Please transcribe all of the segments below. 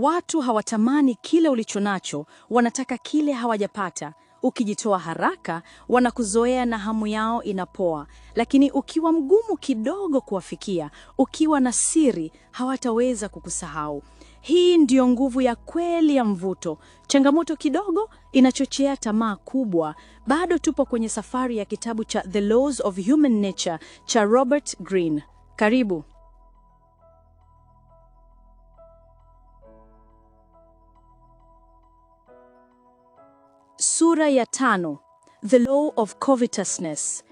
Watu hawatamani kile ulicho nacho, wanataka kile hawajapata. Ukijitoa haraka, wanakuzoea na hamu yao inapoa, lakini ukiwa mgumu kidogo kuwafikia, ukiwa na siri, hawataweza kukusahau. Hii ndiyo nguvu ya kweli ya mvuto. Changamoto kidogo inachochea tamaa kubwa. Bado tupo kwenye safari ya kitabu cha The Laws of Human Nature cha Robert Greene. Karibu. Sura ya tano, The Law of Covetousness.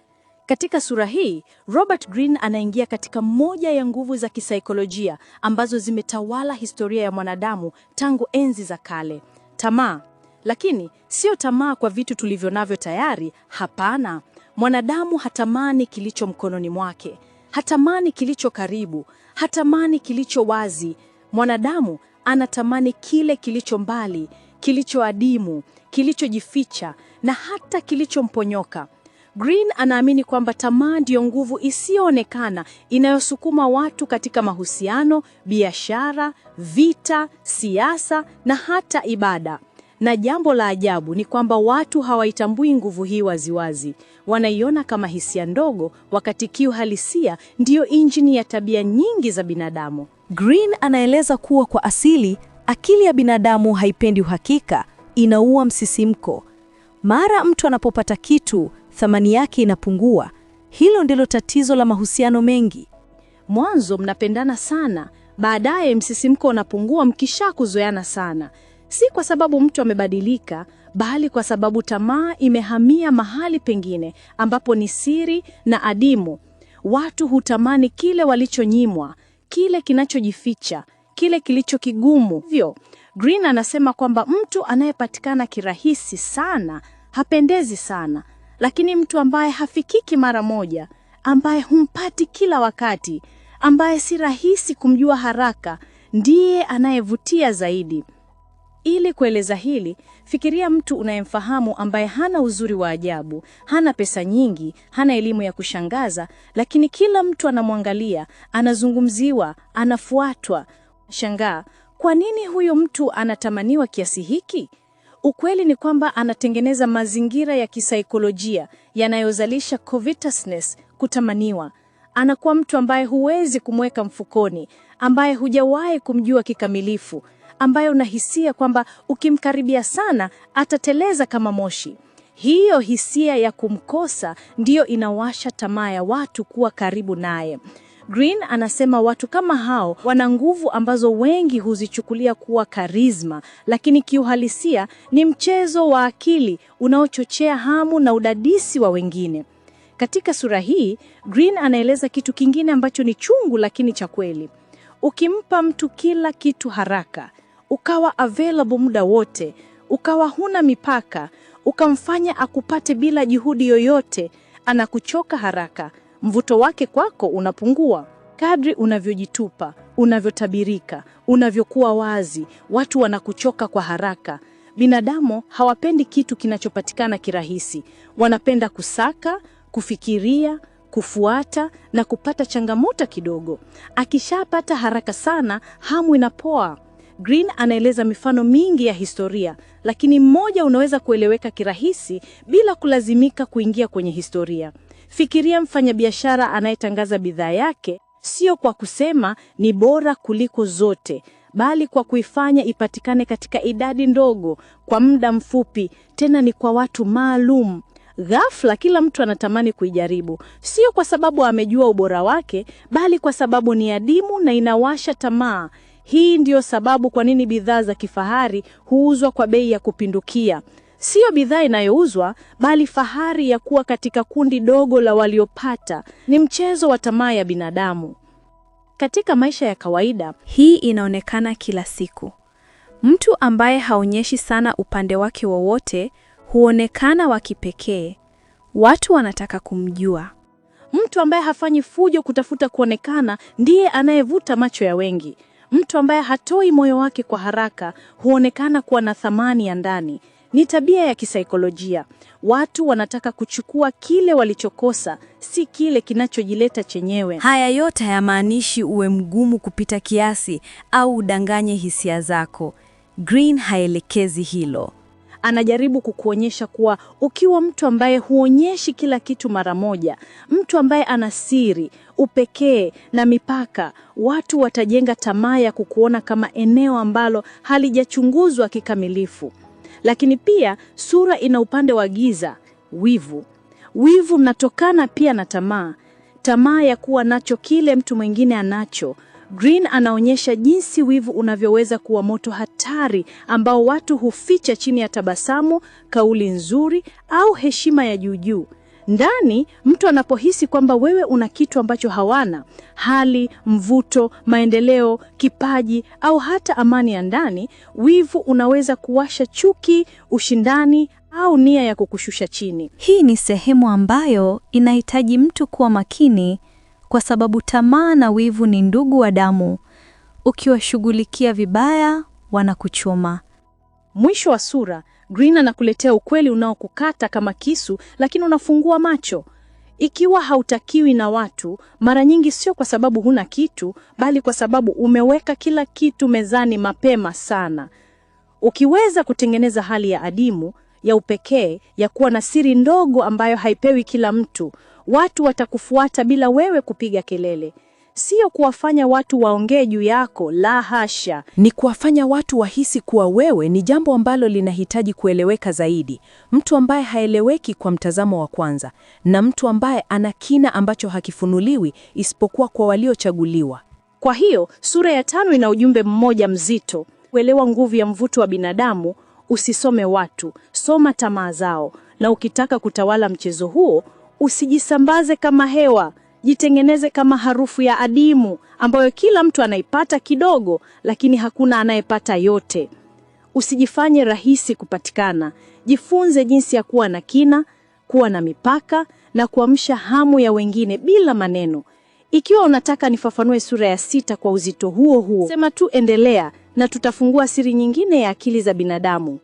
Katika sura hii, Robert Greene anaingia katika moja ya nguvu za kisaikolojia ambazo zimetawala historia ya mwanadamu tangu enzi za kale, tamaa. Lakini sio tamaa kwa vitu tulivyo navyo tayari, hapana. Mwanadamu hatamani kilicho mkononi mwake, hatamani kilicho karibu, hatamani kilicho wazi. Mwanadamu anatamani kile kilicho mbali, kilichoadimu, kilichojificha na hata kilichomponyoka. Green anaamini kwamba tamaa ndiyo nguvu isiyoonekana inayosukuma watu katika mahusiano, biashara, vita, siasa na hata ibada. Na jambo la ajabu ni kwamba watu hawaitambui nguvu hii waziwazi. Wanaiona kama hisia ndogo, wakati kiu halisia ndiyo injini ya tabia nyingi za binadamu. Green anaeleza kuwa kwa asili Akili ya binadamu haipendi uhakika, inaua msisimko. Mara mtu anapopata kitu, thamani yake inapungua. Hilo ndilo tatizo la mahusiano mengi. Mwanzo mnapendana sana, baadaye msisimko unapungua mkisha kuzoeana sana, si kwa sababu mtu amebadilika, bali kwa sababu tamaa imehamia mahali pengine ambapo ni siri na adimu. Watu hutamani kile walichonyimwa, kile kinachojificha kile kilicho kigumu. Hivyo Green anasema kwamba mtu anayepatikana kirahisi sana hapendezi sana, lakini mtu ambaye hafikiki mara moja, ambaye humpati kila wakati, ambaye si rahisi kumjua haraka, ndiye anayevutia zaidi. Ili kueleza hili, fikiria mtu unayemfahamu ambaye hana uzuri wa ajabu, hana pesa nyingi, hana elimu ya kushangaza, lakini kila mtu anamwangalia, anazungumziwa, anafuatwa. Shangaa, kwa nini huyu mtu anatamaniwa kiasi hiki? Ukweli ni kwamba anatengeneza mazingira ya kisaikolojia yanayozalisha covetousness, kutamaniwa. Anakuwa mtu ambaye huwezi kumweka mfukoni, ambaye hujawahi kumjua kikamilifu, ambaye unahisia kwamba ukimkaribia sana atateleza kama moshi. Hiyo hisia ya kumkosa ndiyo inawasha tamaa ya watu kuwa karibu naye. Green anasema watu kama hao wana nguvu ambazo wengi huzichukulia kuwa karizma, lakini kiuhalisia ni mchezo wa akili unaochochea hamu na udadisi wa wengine. Katika sura hii, Green anaeleza kitu kingine ambacho ni chungu lakini cha kweli. Ukimpa mtu kila kitu haraka, ukawa available muda wote, ukawa huna mipaka, ukamfanya akupate bila juhudi yoyote, anakuchoka haraka mvuto wake kwako unapungua kadri unavyojitupa, unavyotabirika, unavyokuwa wazi. Watu wanakuchoka kwa haraka. Binadamu hawapendi kitu kinachopatikana kirahisi. Wanapenda kusaka, kufikiria, kufuata na kupata changamoto kidogo. Akishapata haraka sana, hamu inapoa. Green anaeleza mifano mingi ya historia, lakini mmoja unaweza kueleweka kirahisi bila kulazimika kuingia kwenye historia. Fikiria mfanyabiashara anayetangaza bidhaa yake sio kwa kusema ni bora kuliko zote, bali kwa kuifanya ipatikane katika idadi ndogo, kwa muda mfupi, tena ni kwa watu maalum. Ghafla kila mtu anatamani kuijaribu, sio kwa sababu amejua ubora wake, bali kwa sababu ni adimu na inawasha tamaa. Hii ndiyo sababu kwa nini bidhaa za kifahari huuzwa kwa bei ya kupindukia siyo bidhaa inayouzwa, bali fahari ya kuwa katika kundi dogo la waliopata. Ni mchezo wa tamaa ya binadamu. Katika maisha ya kawaida, hii inaonekana kila siku. Mtu ambaye haonyeshi sana upande wake wowote huonekana wa kipekee. Watu wanataka kumjua. Mtu ambaye hafanyi fujo kutafuta kuonekana ndiye anayevuta macho ya wengi. Mtu ambaye hatoi moyo wake kwa haraka huonekana kuwa na thamani ya ndani. Ni tabia ya kisaikolojia. Watu wanataka kuchukua kile walichokosa, si kile kinachojileta chenyewe. Haya yote hayamaanishi uwe mgumu kupita kiasi au udanganye hisia zako. Green haelekezi hilo. Anajaribu kukuonyesha kuwa ukiwa mtu ambaye huonyeshi kila kitu mara moja, mtu ambaye ana siri, upekee na mipaka, watu watajenga tamaa ya kukuona kama eneo ambalo halijachunguzwa kikamilifu. Lakini pia sura ina upande wa giza, wivu. Wivu mnatokana pia na tamaa, tamaa ya kuwa nacho kile mtu mwingine anacho. Green anaonyesha jinsi wivu unavyoweza kuwa moto hatari ambao watu huficha chini ya tabasamu, kauli nzuri au heshima ya juu juu. Ndani mtu anapohisi kwamba wewe una kitu ambacho hawana, hali, mvuto, maendeleo, kipaji au hata amani ya ndani, wivu unaweza kuwasha chuki, ushindani au nia ya kukushusha chini. Hii ni sehemu ambayo inahitaji mtu kuwa makini, kwa sababu tamaa na wivu ni ndugu wa damu. Ukiwashughulikia vibaya, wanakuchoma. Mwisho wa sura. Green anakuletea ukweli unaokukata kama kisu, lakini unafungua macho. Ikiwa hautakiwi na watu, mara nyingi sio kwa sababu huna kitu, bali kwa sababu umeweka kila kitu mezani mapema sana. Ukiweza kutengeneza hali ya adimu ya upekee ya kuwa na siri ndogo ambayo haipewi kila mtu, watu watakufuata bila wewe kupiga kelele sio kuwafanya watu waongee juu yako, la hasha, ni kuwafanya watu wahisi kuwa wewe ni jambo ambalo linahitaji kueleweka zaidi, mtu ambaye haeleweki kwa mtazamo wa kwanza, na mtu ambaye ana kina ambacho hakifunuliwi isipokuwa kwa waliochaguliwa. Kwa hiyo sura ya tano ina ujumbe mmoja mzito: kuelewa nguvu ya mvuto wa binadamu. Usisome watu, soma tamaa zao, na ukitaka kutawala mchezo huo, usijisambaze kama hewa jitengeneze kama harufu ya adimu ambayo kila mtu anaipata kidogo, lakini hakuna anayepata yote. Usijifanye rahisi kupatikana. Jifunze jinsi ya kuwa na kina, kuwa na mipaka na kuamsha hamu ya wengine bila maneno. Ikiwa unataka nifafanue sura ya sita kwa uzito huo huo, sema tu endelea na tutafungua siri nyingine ya akili za binadamu.